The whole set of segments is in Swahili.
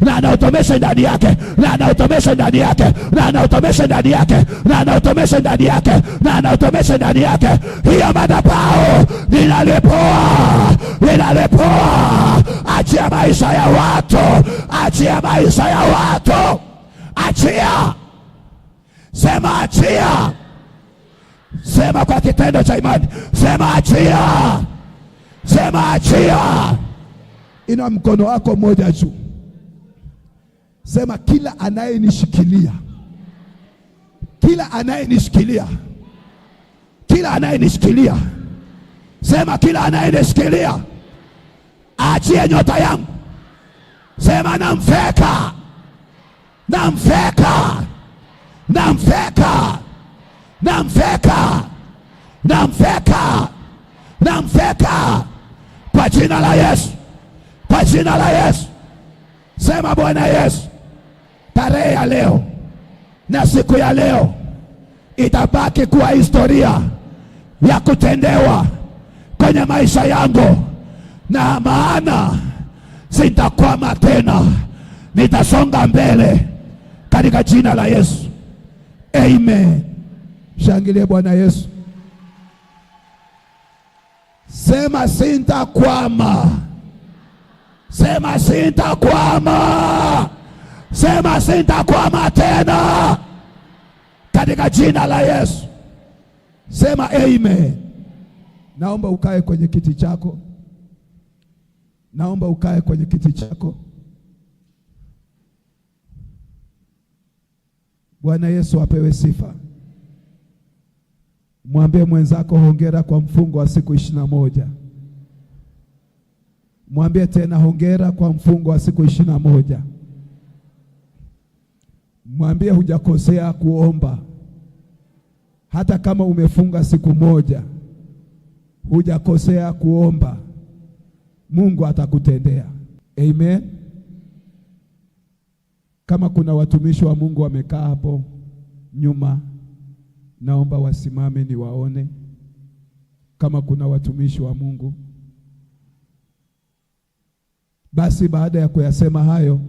na anautomesha ndani yake, na anautomesha ndani yake, na anautomesha ndani yake, na anautomesha ndani yake, na anautomesha ndani yake. Hiyo madhabahu ninalipoa, ninalipoa. Achia maisha ya watu, achia maisha ya watu, achia. Sema achia, sema kwa kitendo cha imani, sema achia, sema achia. Ina mkono wako mmoja juu Sema kila anayenishikilia, kila anayenishikilia, kila anayenishikilia. Sema kila anayenishikilia, achie nyota yangu. Sema namfeka, namfeka, namfeka, namfeka, namfeka, namfeka kwa jina la Yesu, kwa jina la Yesu. Sema Bwana Yesu tarehe ya leo na siku ya leo itabaki kuwa historia ya kutendewa kwenye maisha yangu, na maana sitakwama tena, nitasonga mbele katika jina la Yesu, amen. Shangilie Bwana Yesu, sema sintakwama, sema sintakwama. Sema sitakwama tena katika jina la Yesu. Sema amen. Naomba ukae kwenye kiti chako, naomba ukae kwenye kiti chako. Bwana Yesu apewe sifa. Mwambie mwenzako hongera kwa mfungo wa siku ishirini na moja. Mwambie tena hongera kwa mfungo wa siku ishirini na moja. Mwambie hujakosea kuomba, hata kama umefunga siku moja, hujakosea kuomba. Mungu atakutendea. Amen. Kama kuna watumishi wa Mungu wamekaa hapo nyuma, naomba wasimame niwaone. Kama kuna watumishi wa Mungu, basi baada ya kuyasema hayo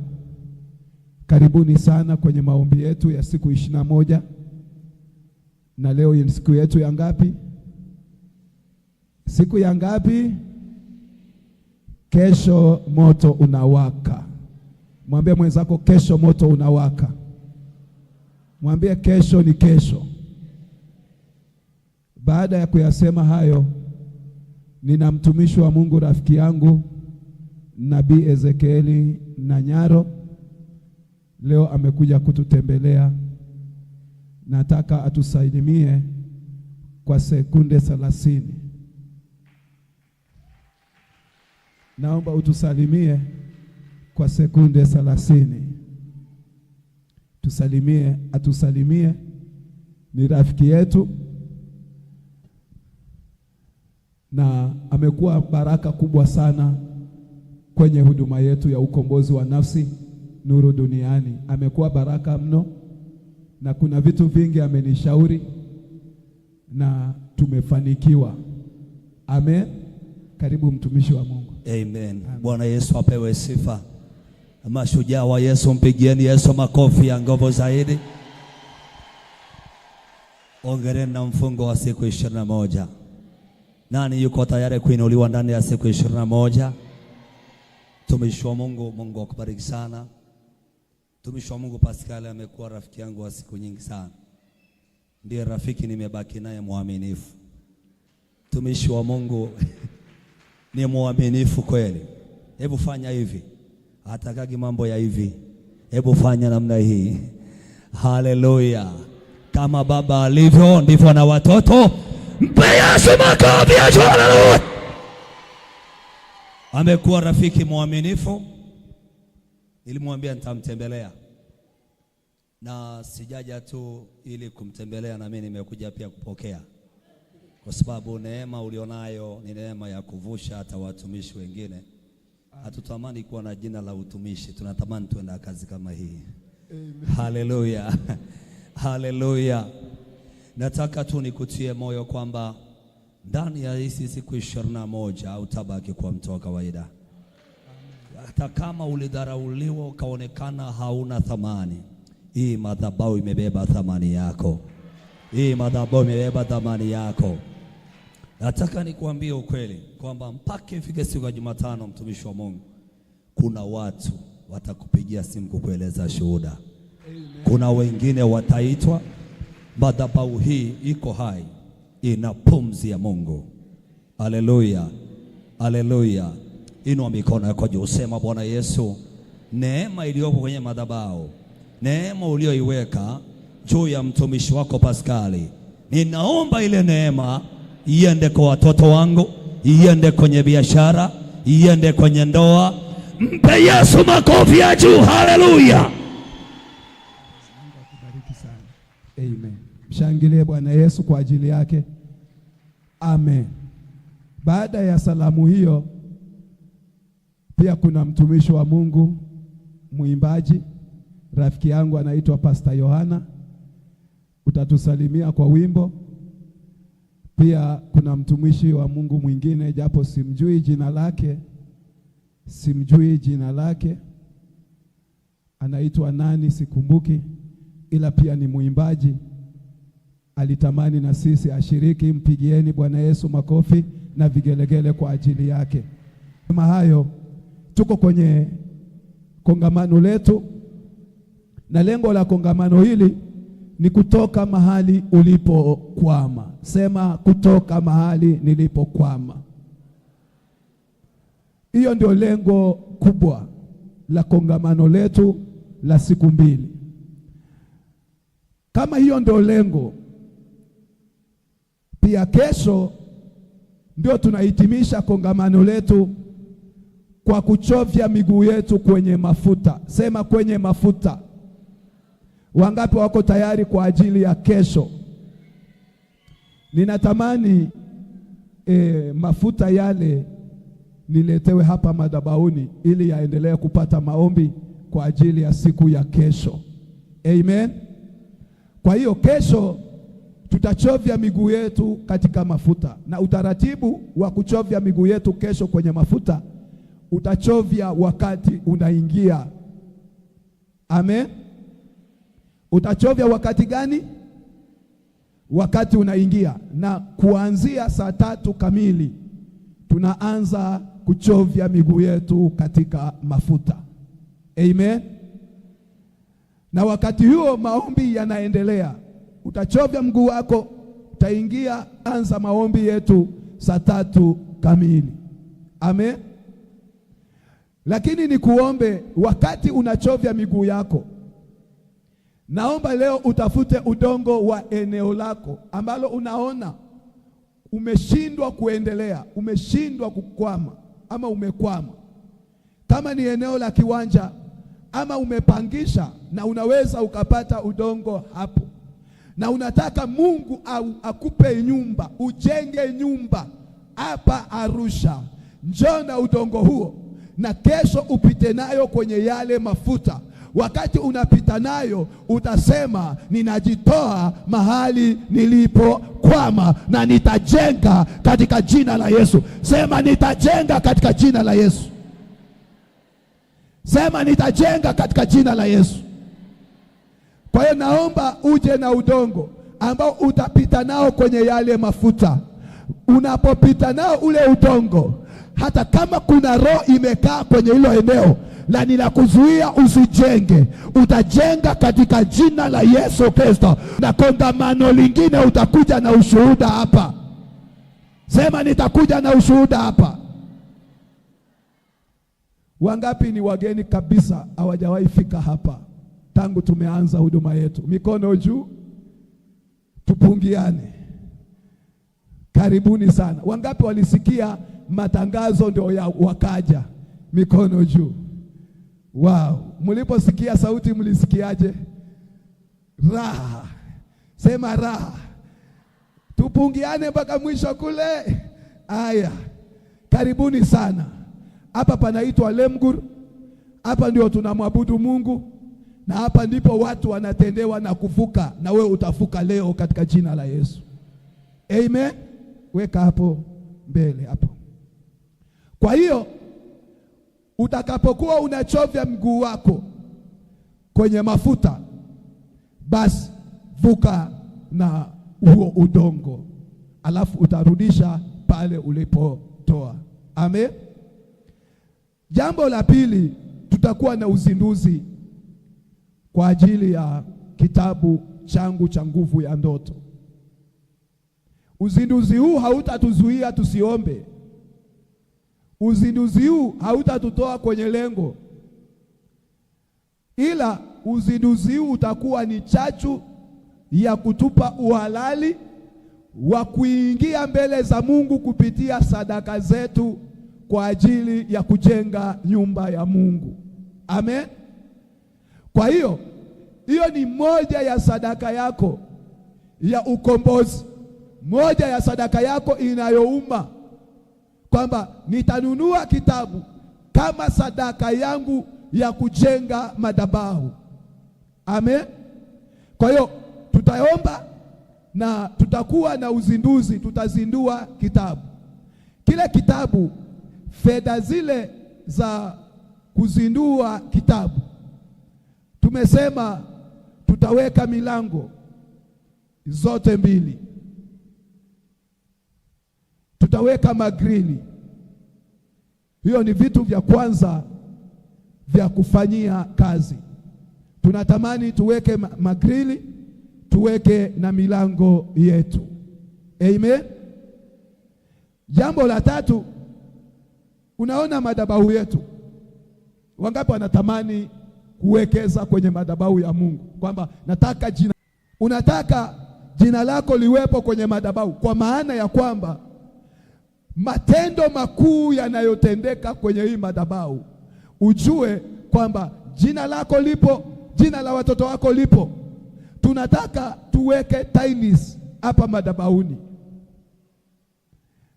Karibuni sana kwenye maombi yetu ya siku ishirini na moja na leo ni siku yetu ya ngapi? Siku ya ngapi? Kesho moto unawaka. Mwambie mwenzako, kesho moto unawaka. Mwambie kesho ni kesho. Baada ya kuyasema hayo, nina mtumishi wa Mungu, rafiki yangu Nabii Ezekieli Nanyaro leo amekuja kututembelea. Nataka atusalimie kwa sekunde thelathini. Naomba utusalimie kwa sekunde thelathini. Tusalimie, atusalimie. Ni rafiki yetu na amekuwa baraka kubwa sana kwenye huduma yetu ya ukombozi wa nafsi. Nuru Duniani. Amekuwa baraka mno, na kuna vitu vingi amenishauri na tumefanikiwa. Amen. Karibu mtumishi wa Mungu. Amen, Amen. Bwana Yesu apewe sifa. Mashujaa wa Yesu, mpigieni Yesu makofi ya nguvu zaidi. Ongereni na mfungo wa siku ishirini na moja. Nani yuko tayari kuinuliwa ndani ya siku ishirini na moja? Mtumishi wa Mungu, Mungu akubariki sana. Mtumishi wa Mungu Pascal amekuwa rafiki yangu wa siku nyingi sana, ndiye rafiki nimebaki naye mwaminifu. Mtumishi wa Mungu ni mwaminifu kweli. Hebu fanya hivi, hatakagi mambo ya hivi. Hebu fanya namna hii. Haleluya! Kama baba alivyo ndivyo na watoto mpe Yesu makofi. Haleluya! Amekuwa rafiki mwaminifu Nilimwambia nitamtembelea na sijaja tu ili kumtembelea, na mimi nimekuja pia kupokea, kwa sababu neema ulionayo ni neema ya kuvusha hata watumishi wengine. Hatutamani kuwa na jina la utumishi, tunatamani tuenda kazi kama hii. Haleluya, haleluya! Nataka tu nikutie moyo kwamba ndani ya hizi siku ishirini na moja utabaki kuwa mtu wa kawaida hata kama ulidharauliwa ukaonekana hauna thamani, hii madhabahu imebeba thamani yako. Hii madhabahu imebeba thamani yako. Nataka nikuambie ukweli kwamba mpaka ifike siku ya Jumatano, mtumishi wa Mungu, kuna watu watakupigia simu kukueleza shuhuda. Kuna wengine wataitwa. Madhabahu hii iko hai, ina pumzi ya Mungu. Haleluya, haleluya. Inua mikono yako juu, sema Bwana Yesu, neema iliyoko kwenye madhabahu, neema uliyoiweka juu ya mtumishi wako Paskali, ninaomba ile neema iende kwa watoto wangu, iende kwenye biashara, iende kwenye ndoa. Mpe Yesu makofi ya juu, haleluya! Mshangilie Bwana Yesu kwa ajili yake. Amen. Baada ya salamu hiyo pia kuna mtumishi wa Mungu mwimbaji rafiki yangu anaitwa Pastor Yohana, utatusalimia kwa wimbo. Pia kuna mtumishi wa Mungu mwingine, japo simjui jina lake, simjui jina lake, anaitwa nani sikumbuki, ila pia ni mwimbaji, alitamani na sisi ashiriki. Mpigieni Bwana Yesu makofi na vigelegele kwa ajili yake. Kama hayo Tuko kwenye kongamano letu, na lengo la kongamano hili ni kutoka mahali ulipokwama. Sema kutoka mahali nilipokwama. Hiyo ndio lengo kubwa la kongamano letu la siku mbili. Kama hiyo ndio lengo, pia kesho ndio tunahitimisha kongamano letu kwa kuchovya miguu yetu kwenye mafuta. Sema kwenye mafuta. Wangapi wako tayari kwa ajili ya kesho? Ninatamani e, mafuta yale niletewe hapa madhabahuni ili yaendelee kupata maombi kwa ajili ya siku ya kesho. Amen. Kwa hiyo kesho tutachovya miguu yetu katika mafuta, na utaratibu wa kuchovya miguu yetu kesho kwenye mafuta utachovya wakati unaingia. Amen. Utachovya wakati gani? Wakati unaingia, na kuanzia saa tatu kamili tunaanza kuchovya miguu yetu katika mafuta. Amen. Na wakati huo maombi yanaendelea. Utachovya mguu wako, utaingia, anza maombi yetu saa tatu kamili. Amen. Lakini nikuombe, wakati unachovya miguu yako, naomba leo utafute udongo wa eneo lako ambalo unaona umeshindwa kuendelea, umeshindwa kukwama ama umekwama. Kama ni eneo la kiwanja ama umepangisha na unaweza ukapata udongo hapo, na unataka Mungu au akupe nyumba, ujenge nyumba hapa Arusha, njoo na udongo huo na kesho upite nayo kwenye yale mafuta. Wakati unapita nayo utasema, ninajitoa mahali nilipokwama na nitajenga katika jina la Yesu. Sema nitajenga katika jina la Yesu. Sema nitajenga katika jina la Yesu. Kwa hiyo naomba uje na udongo ambao utapita nao kwenye yale mafuta. Unapopita nao ule udongo hata kama kuna roho imekaa kwenye hilo eneo na ninakuzuia usijenge, utajenga katika jina la Yesu Kristo. Na kongamano lingine utakuja na ushuhuda hapa, sema nitakuja na ushuhuda hapa. Wangapi ni wageni kabisa, hawajawahi fika hapa tangu tumeanza huduma yetu? Mikono juu, tupungiane. Karibuni sana. Wangapi walisikia matangazo ndio ya wakaja, mikono juu. Wow, mliposikia sauti mlisikiaje? Raha, sema raha. Tupungiane mpaka mwisho kule. Aya, karibuni sana. Hapa panaitwa Lemgur, hapa ndio tunamwabudu Mungu na hapa ndipo watu wanatendewa na kuvuka, na wewe utavuka leo katika jina la Yesu. Amen. Weka hapo mbele hapo. Kwa hiyo utakapokuwa unachovya mguu wako kwenye mafuta, basi vuka na huo udongo, alafu utarudisha pale ulipotoa. Amen. Jambo la pili, tutakuwa na uzinduzi kwa ajili ya kitabu changu cha nguvu ya ndoto. Uzinduzi huu hautatuzuia tusiombe Uzinduzi huu hautatutoa kwenye lengo, ila uzinduzi huu utakuwa ni chachu ya kutupa uhalali wa kuingia mbele za Mungu kupitia sadaka zetu kwa ajili ya kujenga nyumba ya Mungu. Amen. Kwa hiyo hiyo ni moja ya sadaka yako ya ukombozi, moja ya sadaka yako inayouma kwamba nitanunua kitabu kama sadaka yangu ya kujenga madhabahu. Amen. Kwa hiyo tutaomba na tutakuwa na uzinduzi, tutazindua kitabu kile. Kitabu fedha zile za kuzindua kitabu tumesema tutaweka milango zote mbili utaweka magrini. Hiyo ni vitu vya kwanza vya kufanyia kazi. Tunatamani tuweke magrili, tuweke na milango yetu. Amen. Jambo la tatu, unaona madhabahu yetu, wangapi wanatamani kuwekeza kwenye madhabahu ya Mungu, kwamba nataka jina, unataka jina lako liwepo kwenye madhabahu, kwa maana ya kwamba matendo makuu yanayotendeka kwenye hii madhabahu, ujue kwamba jina lako lipo, jina la watoto wako lipo. Tunataka tuweke tainis hapa madhabahuni,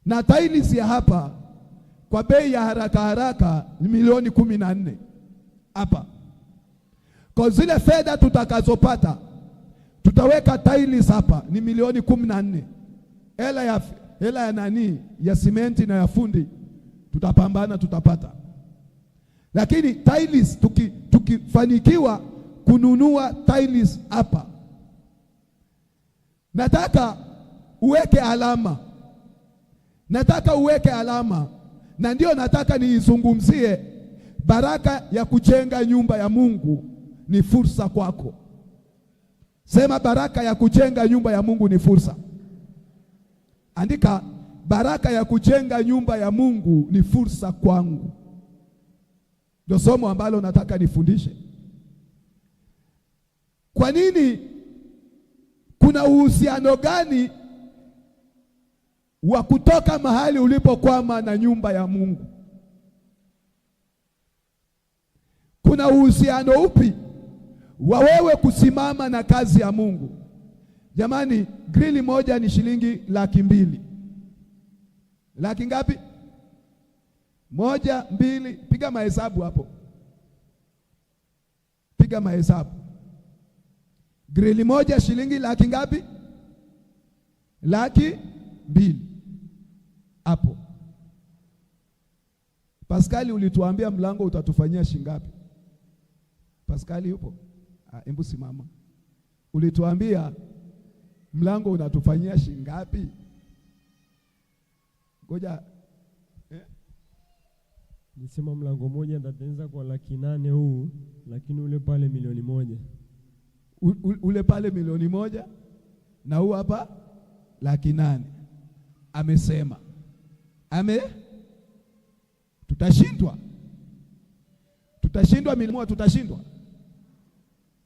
na tainis ya hapa kwa bei ya haraka haraka ni milioni kumi na nne hapa. Kwa zile fedha tutakazopata tutaweka tainis hapa ni milioni kumi na nne hela ya hela ya nani ya simenti na ya fundi, tutapambana tutapata. Lakini tiles tuki, tukifanikiwa kununua tiles hapa, nataka uweke alama, nataka uweke alama, na ndio nataka niizungumzie baraka ya kujenga nyumba ya Mungu ni fursa kwako. Sema baraka ya kujenga nyumba ya Mungu ni fursa. Andika, baraka ya kujenga nyumba ya Mungu ni fursa kwangu. Ndio somo ambalo nataka nifundishe. Kwa nini? Kuna uhusiano gani wa kutoka mahali ulipokwama na nyumba ya Mungu? Kuna uhusiano upi wa wewe kusimama na kazi ya Mungu? Jamani, grili moja ni shilingi laki mbili. Laki ngapi? Moja, mbili, piga mahesabu hapo, piga mahesabu. Grili moja shilingi laki ngapi? Laki mbili. Hapo Paskali, ulituambia mlango utatufanyia shingapi? Paskali yupo? Ah, embu simama, ulituambia mlango unatufanyia shingapi? Ngoja eh? Nisema mlango moja nitatengeneza kwa laki nane huu, lakini ule pale milioni moja u, u, ule pale milioni moja na huu hapa laki nane. Amesema ame, tutashindwa tutashindwa, milimoja tutashindwa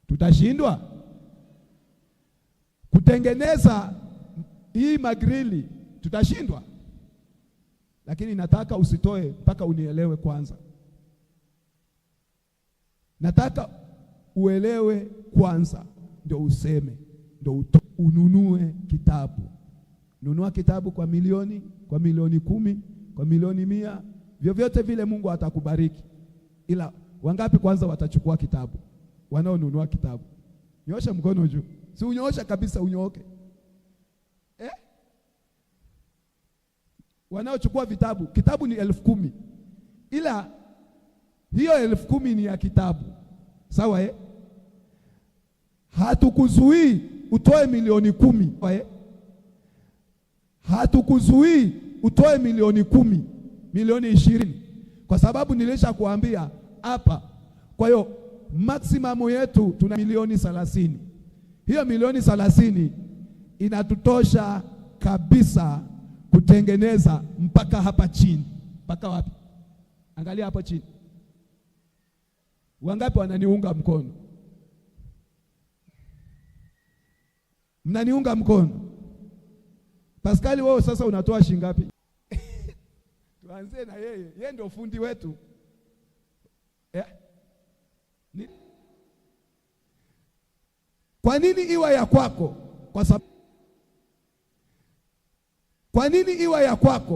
tutashindwa kutengeneza hii magrili tutashindwa, lakini nataka usitoe mpaka unielewe kwanza. Nataka uelewe kwanza, ndio useme, ndio ununue kitabu. Nunua kitabu kwa milioni, kwa milioni kumi, kwa milioni mia, vyovyote vile Mungu atakubariki. Ila wangapi kwanza watachukua kitabu? Wanaonunua kitabu, nyosha mkono juu si unyoosha kabisa unyooke eh? Wanaochukua vitabu, kitabu ni elfu kumi ila hiyo elfu kumi ni ya kitabu sawa eh? Hatukuzuii utoe milioni kumi eh? Hatukuzuii utoe milioni kumi, milioni ishirini, kwa sababu kuambia hapa. Kwa hiyo maksimamu yetu tuna milioni thelathini. Hiyo milioni thelathini inatutosha kabisa kutengeneza mpaka hapa chini. Mpaka wapi? Angalia hapo chini, wangapi wananiunga mkono? Mnaniunga mkono? Paskali, wewe sasa unatoa shilingi ngapi? Tuanze na yeye, yeye ndio fundi wetu yeah. Ni kwa nini iwa ya kwako? Kwa sababu kwa nini iwa ya kwako?